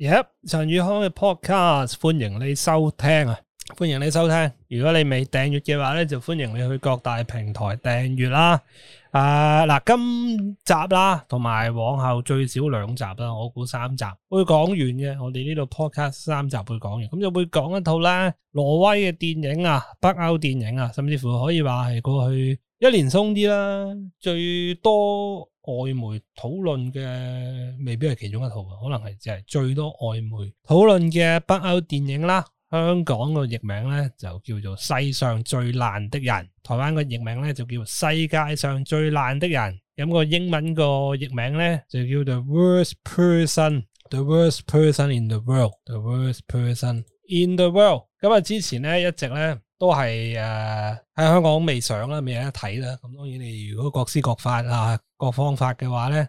耶！yep，陳宇康嘅 podcast，歡迎你收聽啊！歡迎你收聽。如果你未訂閱嘅話咧，就歡迎你去各大平台訂閱啦。嗱、呃，今集啦，同埋往後最少兩集啦，我估三,三集會講完嘅。我哋呢度 podcast 三集會講完，咁就會講一套咧。挪威嘅電影啊，北歐電影啊，甚至乎可以話係過去一年鬆啲啦，最多。外媒討論嘅未必係其中一套，可能係係最多外媒討論嘅北歐電影啦。香港個譯名咧就叫做世上最爛的人，台灣個譯名咧就叫做世界上最爛的人。咁個英文個譯名咧就叫做 The Worst Person，The Worst Person in the World，The Worst Person in the World。咁啊，之前咧一直咧。都係誒喺香港未上啦，未有得睇啦。咁當然你如果各施各法啊，各方法嘅話咧，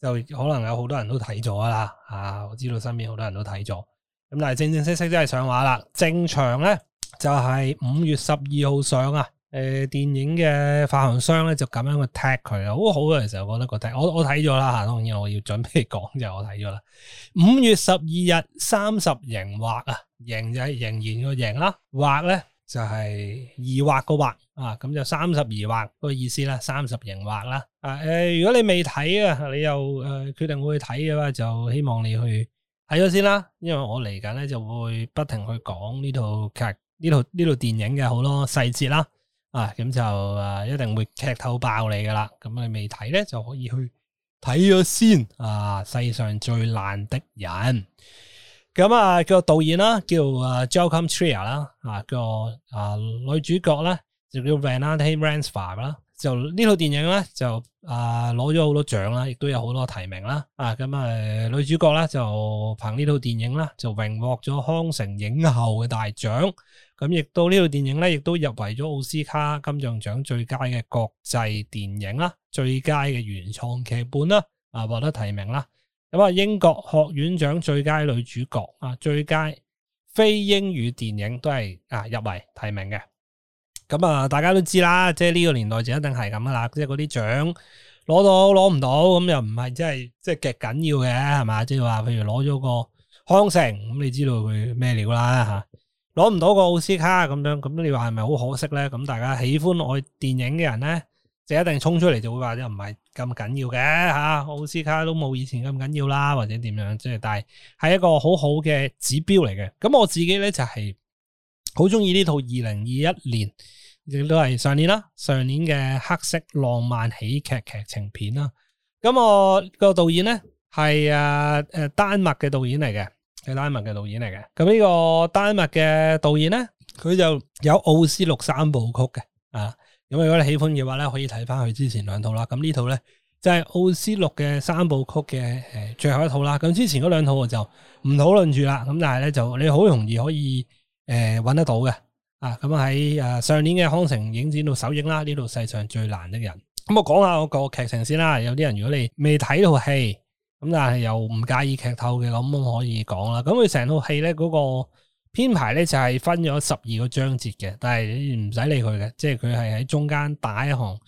就可能有好多人都睇咗啦。嚇，我知道身邊好多人都睇咗。咁、啊、但係正正式式真係上畫啦。正常咧就係、是、五月十二號上啊。誒、呃，電影嘅發行商咧就咁樣去踢佢啊。哇，好嘅時候，我覺得個踢，我我睇咗啦嚇。當然我要準備講嘅，就是、我睇咗啦。五月十二日三十盈或啊，盈就係仍然個盈啦，或咧。就係二畫個畫啊，咁就三十二畫個意思啦，三十形畫啦。啊，誒，如果你未睇啊，你又誒、呃、決定會去睇嘅話，就希望你去睇咗先啦。因為我嚟緊咧就會不停去講呢套劇、呢套呢套電影嘅好多細節啦。啊，咁就誒、啊、一定會劇透爆你噶啦。咁你未睇咧就可以去睇咗先。啊，世上最爛的人。咁啊，叫導演啦、啊，叫 Joachim Trier 啦，啊，個啊女主角咧就叫 Renate Reinsve 啦，就呢套電影咧就啊攞咗好多獎啦，亦都有好多提名啦，啊咁啊、呃、女主角咧就憑呢套電影啦就榮獲咗康城影后嘅大獎，咁亦都呢套電影咧亦都入圍咗奧斯卡金像獎最佳嘅國際電影啦，最佳嘅原創劇本啦，啊獲得提名啦。咁啊，英國學院獎最佳女主角啊，最佳非英語電影都係啊入圍提名嘅。咁、嗯、啊，大家都知啦，即係呢個年代就一定係咁噶啦，即係嗰啲獎攞到攞唔到，咁又唔係即係即係極緊要嘅，係嘛？即係話譬如攞咗個康城，咁你知道佢咩料啦吓，攞唔到個奧斯卡咁樣，咁你話係咪好可惜咧？咁大家喜歡愛電影嘅人咧？就一定衝出嚟就會話，又唔係咁緊要嘅，吓，奧斯卡都冇以前咁緊要啦，或者點樣？即係，但係係一個好好嘅指標嚟嘅。咁我自己咧就係好中意呢套二零二一年，亦都係上年啦，上年嘅黑色浪漫喜劇劇情片啦。咁我個導演咧係啊誒丹麥嘅導演嚟嘅，係丹麥嘅導演嚟嘅。咁呢個丹麥嘅導演咧，佢就有奧斯六三部曲嘅啊。咁如果你喜歡嘅話咧，可以睇翻佢之前兩套啦。咁呢套咧就係、是、奧斯陸嘅三部曲嘅、呃、最後一套啦。咁之前嗰兩套我就唔討論住啦。咁但係咧就你好容易可以誒揾、呃、得到嘅啊。咁喺、啊、上年嘅康城影展度首映啦。呢套世上最爛的人。咁我講下個劇情先啦。有啲人如果你未睇套戲，咁但係又唔介意劇透嘅，咁可以講啦。咁佢成套戲咧嗰個。編排咧就係、是、分咗十二個章節嘅，但係你唔使理佢嘅，即係佢係喺中間打一行誒、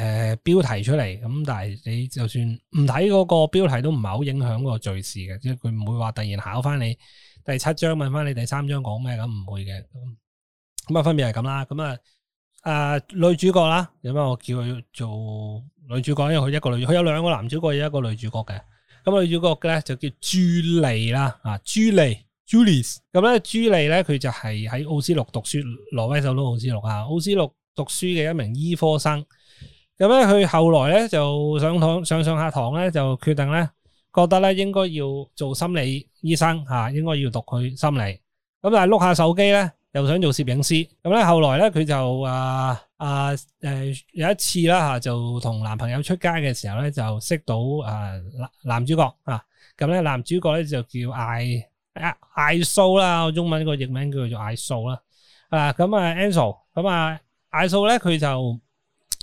呃、標題出嚟，咁但係你就算唔睇嗰個標題都唔係好影響個敘事嘅，即係佢唔會話突然考翻你第七章，問翻你第三章講咩咁唔會嘅，咁啊分別係咁啦，咁啊、呃、女主角啦，為咩？我叫佢做女主角，因為佢一個女主角，佢有兩個男主角，有一個女主角嘅，咁女主角咧就叫朱莉啦，啊朱莉。朱莉咁咧，朱莉咧佢就係喺奧斯陸讀書，挪威首都奧斯陸啊。奧斯陸讀書嘅一名醫科生，咁咧佢後來咧就上堂上上下堂咧就決定咧，覺得咧應該要做心理醫生吓，應該要讀佢心理。咁但係碌下手機咧，又想做攝影師。咁咧後來咧佢就啊啊誒有一次啦吓，就同男朋友出街嘅時候咧，就識到誒男主角啊。咁咧男主角咧就叫艾。艾艾啦，啦、我，中文個譯名叫做艾素啦。啊，咁啊，e 數咁啊，艾素咧，佢就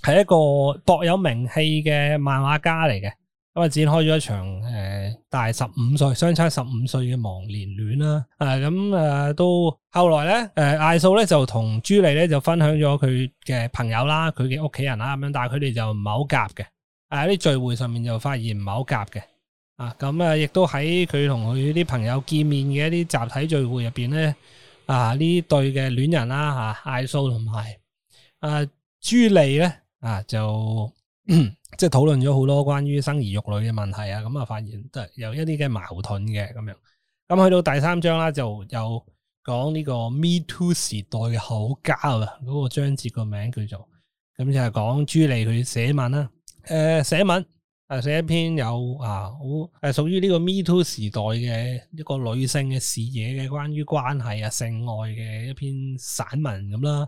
係一個博有名氣嘅漫畫家嚟嘅。咁啊，展開咗一場誒，大十五歲相差十五歲嘅忘年戀啦。誒、啊，咁誒都後來咧，誒，艾素咧就同朱莉咧就分享咗佢嘅朋友啦，佢嘅屋企人啦咁樣。但係佢哋就唔係好夾嘅。喺啲聚會上面就發現唔係好夾嘅。啊，咁啊，亦都喺佢同佢啲朋友見面嘅一啲集體聚會入邊咧，啊呢對嘅戀人啦，啊艾蘇同埋啊朱莉咧，啊，呢啊就即係討論咗好多關於生兒育女嘅問題啊，咁啊發現都係有一啲嘅矛盾嘅咁樣。咁、啊、去到第三章啦，就、啊、又講呢個 Me Too 時代嘅口交啦，嗰、那個章節個名叫做，咁就係講朱莉佢寫文啦，誒寫文。啊誒，寫一篇有啊好誒，屬於呢個 Me Too 時代嘅一個女性嘅視野嘅關於關係啊、性愛嘅一篇散文咁啦。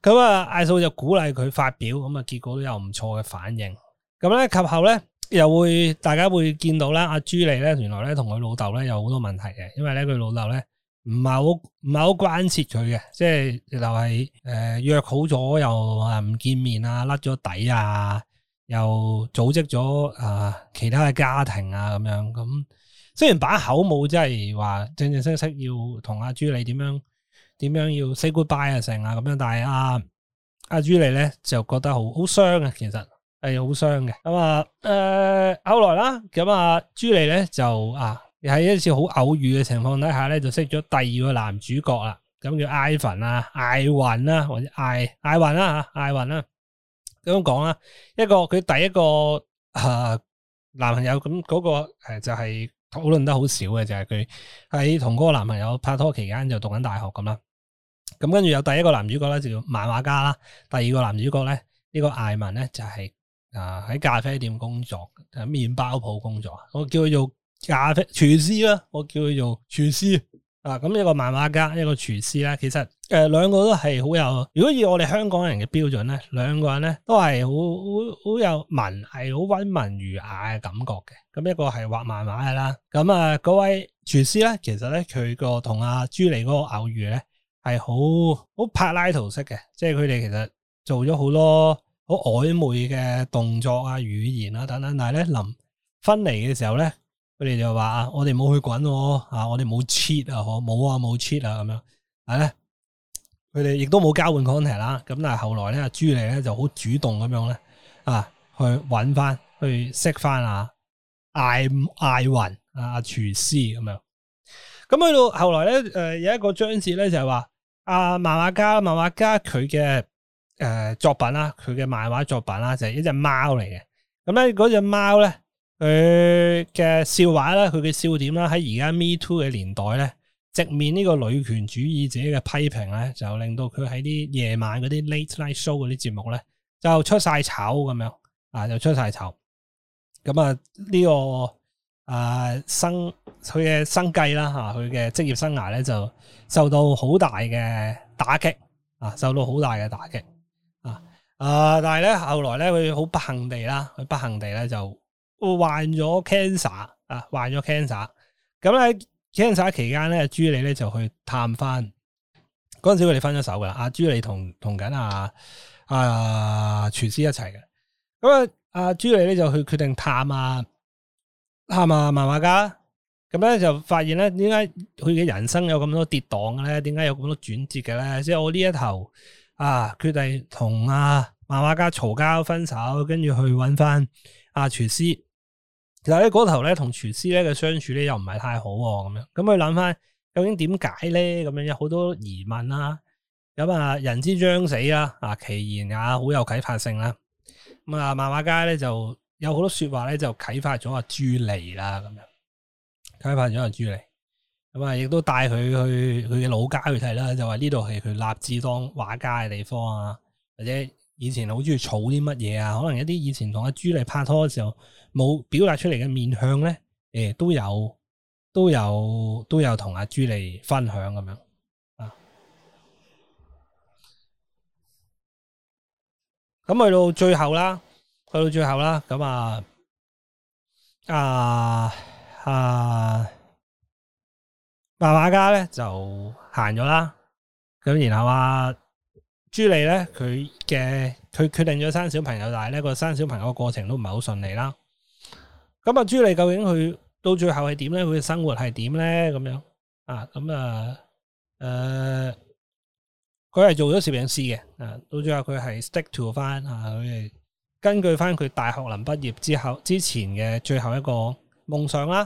咁啊，艾素，就鼓勵佢發表，咁啊，結果都有唔錯嘅反應。咁咧，及後咧又會大家會見到啦、啊。阿朱莉咧，原來咧同佢老豆咧有好多問題嘅，因為咧佢老豆咧唔係好唔係好關切佢嘅，即係又係誒約好咗又誒唔見面啊，甩咗底啊。又組織咗啊，其他嘅家庭啊，咁樣咁，雖然把口冇即係話正正式式要同阿朱莉點樣點樣要 say goodbye 啊，成啊咁樣，但係阿阿朱莉咧就覺得好好傷啊，其實係好傷嘅。咁啊誒、呃，後來啦，咁啊朱莉咧就啊，喺一次好偶遇嘅情況底下咧，就識咗第二個男主角啦，咁叫 Ivan，艾凡啊、艾雲啊，或者艾艾雲啦嚇，艾雲啦。咁講啦，一個佢第一個、呃、男朋友咁嗰個就係討論得好少嘅，就係佢喺同嗰個男朋友拍拖期間就讀緊大學咁啦。咁跟住有第一個男主角呢，就叫漫畫家啦，第二個男主角呢，呢、呢個艾文呢、就係，就係喺咖啡店工作，麵包鋪工作，我叫佢做咖啡廚師啦，我叫佢做廚師。啊，咁一個漫畫家，一個廚師啦，其實誒、呃，兩個都係好有，如果以我哋香港人嘅標準咧，兩個人咧都係好好好有文藝、好溫文儒雅嘅感覺嘅。咁一個係畫漫畫嘅啦，咁啊嗰、啊、位廚師咧，其實咧佢個同阿朱莉嗰個偶遇咧，係好好柏拉圖式嘅，即係佢哋其實做咗好多好曖昧嘅動作啊、語言啊等等，但係咧臨分離嘅時候咧。佢哋就話啊，我哋冇去滾我啊，我哋冇 cheat 啊，可冇啊冇 cheat 啊咁樣係咧。佢哋亦都冇交換 contact 啦。咁但係後來咧，朱莉咧就好主動咁樣咧啊，去揾翻去識翻啊艾艾云啊阿廚師咁樣。咁去到後來咧，誒有一個章節咧就係話啊漫畫家漫畫家佢嘅誒作品啦，佢嘅漫畫作品啦就係一隻貓嚟嘅。咁咧嗰隻貓咧。佢嘅笑話啦，佢嘅笑點啦，喺而家 Me Too 嘅年代咧，直面呢個女權主義者嘅批評咧，就令到佢喺啲夜晚嗰啲 Late Night Show 嗰啲節目咧，就出晒醜咁樣，啊，就出晒醜。咁啊，呢、呢個啊生佢嘅生計啦，佢、啊、嘅職業生涯咧，就受到好大嘅打擊，啊，受到好大嘅打擊，啊，啊，但係咧後來咧，佢好不幸地啦，佢不幸地咧就患咗 cancer 啊，患咗 cancer，咁咧 cancer 期間咧，朱莉咧就去探翻。嗰陣時佢哋分咗手噶，阿、啊、朱莉同同緊阿啊廚師一齊嘅。咁啊，阿朱莉咧就去決定探啊探啊漫畫家。咁咧就發現咧，點解佢嘅人生有咁多跌宕嘅咧？點解有咁多轉折嘅咧？即係我呢一頭啊，佢哋同阿漫畫家嘈交分手，跟住去搵翻阿廚師。其實喺嗰頭咧，同廚師咧嘅相處咧又唔係太好咁樣，咁佢諗翻究竟點解咧？咁樣有好多疑問啦。咁啊，人之將死啦，啊其言也好有啟發性啦。咁啊，漫畫家咧就有好多說話咧，就啟發咗阿朱莉啦，咁樣啟發咗阿朱莉。咁啊，亦都帶佢去佢嘅老家去睇啦，就話呢度係佢立志當畫家嘅地方啊，或者。以前好中意儲啲乜嘢，啊，可能一啲以前同阿朱莉拍拖嘅時候冇表達出嚟嘅面向咧，誒、欸、都有都有都有同阿朱莉分享咁樣啊。咁去到最後啦，去到最後啦，咁啊啊啊白馬家咧就行咗啦，咁然後啊。朱莉咧，佢嘅佢決定咗生小朋友，但係咧個生小朋友嘅過程都唔係好順利啦。咁啊，朱莉究竟佢到最後係點咧？佢嘅生活係點咧？咁樣啊，咁啊，誒、呃，佢係做咗攝影師嘅啊。到最後佢係 stick to 翻啊，佢根據翻佢大學臨畢業之後之前嘅最後一個夢想啦。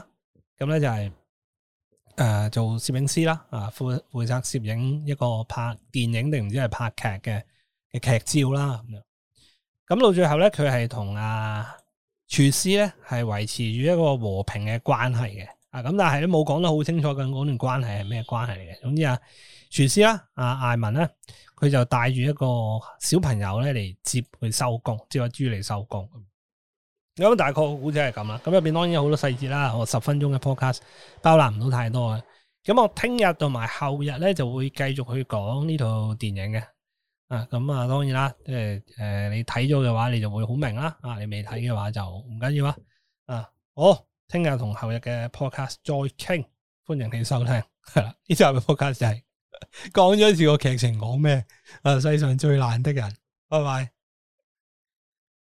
咁、啊、咧就係、是。誒、呃，做攝影師啦，啊，負負責攝影一個拍電影定唔知係拍劇嘅嘅劇照啦咁樣。咁、啊、到最後咧，佢係同阿廚師咧係維持住一個和平嘅關係嘅。啊，咁但係都冇講得好清楚嘅，嗰段關係係咩關係嚟嘅？總之啊，廚師啦，阿、啊、艾文咧，佢就帶住一個小朋友咧嚟接佢收工，接阿朱莉收工。咁大概好似係咁啦，咁入邊當然有好多細節啦。我十分鐘嘅 podcast 包攬唔到太多嘅，咁我聽日同埋後日咧就會繼續去講呢套電影嘅。啊，咁啊，當然啦，即係誒、呃，你睇咗嘅話，你就會好明啦，啦。啊，你未睇嘅話就唔緊要啊。啊，好，聽日同後日嘅 podcast 再傾，歡迎你收聽。係啦、嗯，呢集嘅 podcast 係、就、講、是、咗個劇情，講咩、啊？世上最爛的人。拜拜。